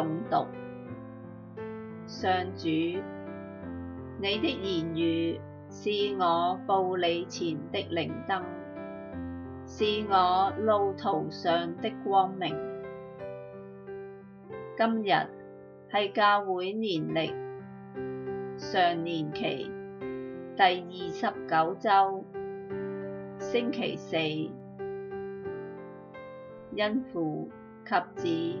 誦讀上主，你的言語是我步履前的靈燈，是我路途上的光明。今日係教會年曆常年期第二十九周星期四，因父及子。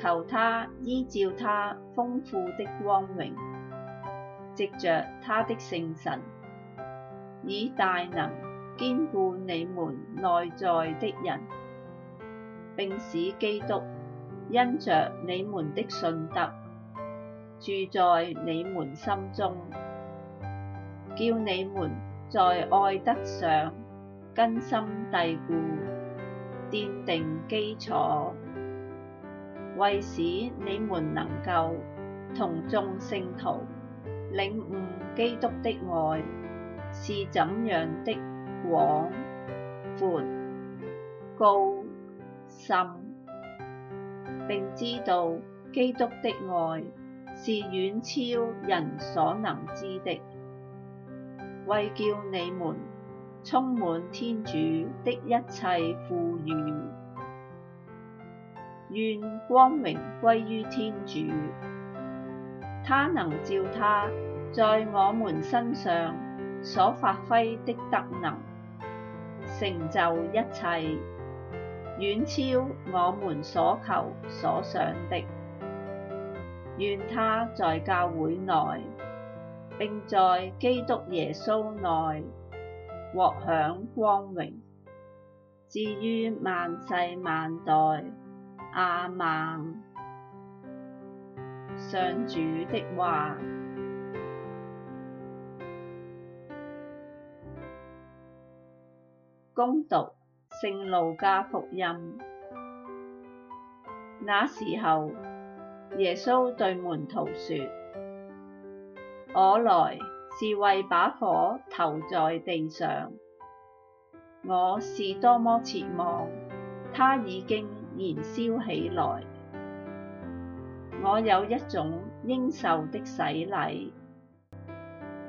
求祂依照祂豐富的光榮，藉着祂的聖神，以大能堅固你們內在的人，並使基督因着你們的信德，住在你們心中，叫你們在愛德上根深蒂固，奠定基礎。為使你們能夠同眾聖徒領悟基督的愛是怎樣的廣闊、高深，並知道基督的愛是遠超人所能知的，為叫你們充滿天主的一切富裕。願光榮歸於天主，他能照他在我們身上所發揮的德能，成就一切，遠超我們所求所想的。願他在教會內，並在基督耶穌內獲享光榮，至於萬世萬代。亞孟。上主的話。恭讀《聖路加福音》。那時候，耶穌對門徒説：「我來是為把火投在地上。我是多麼切望他已經。」燃燒起來，我有一種應受的洗禮。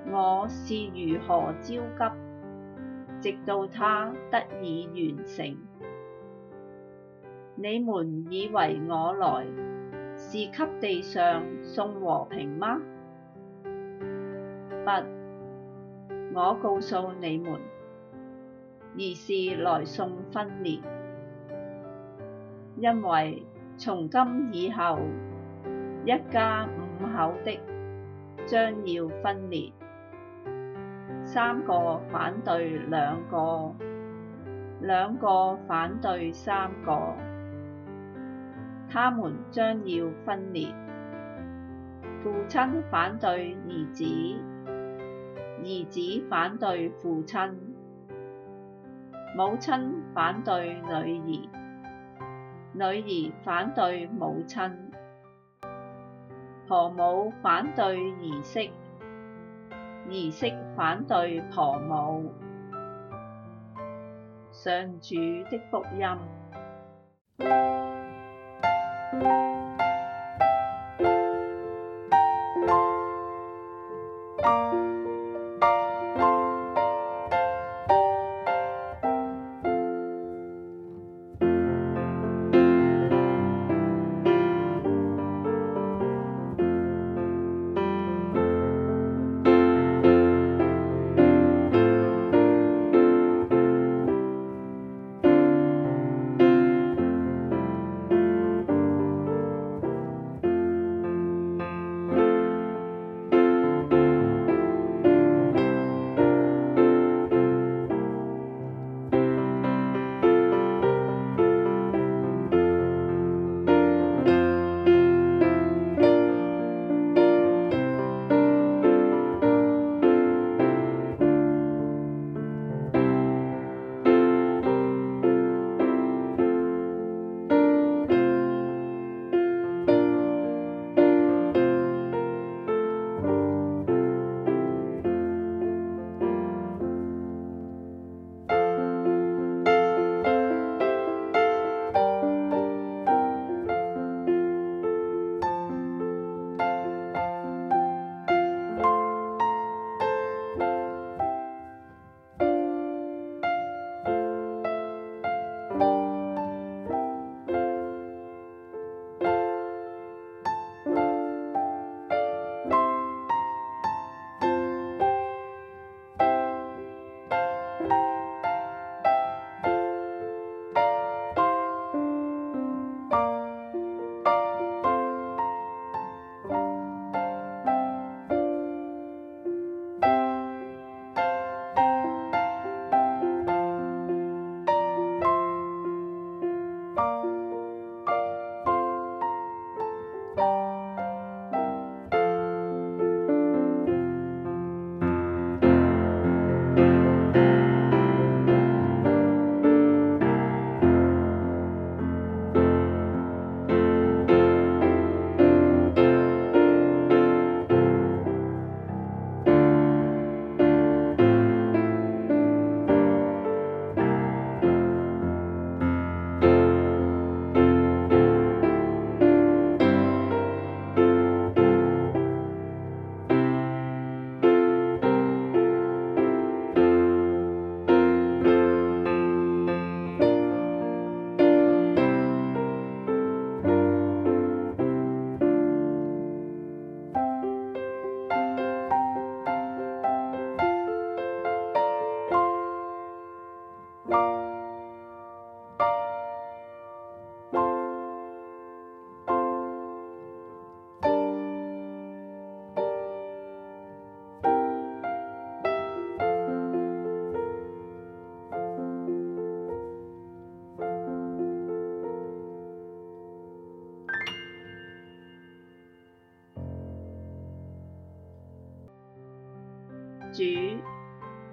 我是如何焦急，直到它得以完成。你們以為我來是給地上送和平嗎？不，我告訴你們，而是來送分裂。因為從今以後，一家五口的將要分裂，三個反對兩個，兩個反對三個，他們將要分裂。父親反對兒子，兒子反對父親，母親反對女兒。女兒反對母親，婆母反對兒媳，兒媳反對婆母。上主的福音。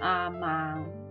亞孟。